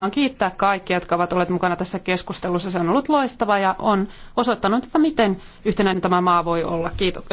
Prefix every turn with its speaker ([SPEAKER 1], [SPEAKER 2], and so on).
[SPEAKER 1] haluan kiittää kaikkia, jotka ovat olleet mukana tässä keskustelussa. Se on ollut loistava ja on osoittanut, että miten yhtenäinen tämä maa voi olla. Kiitos.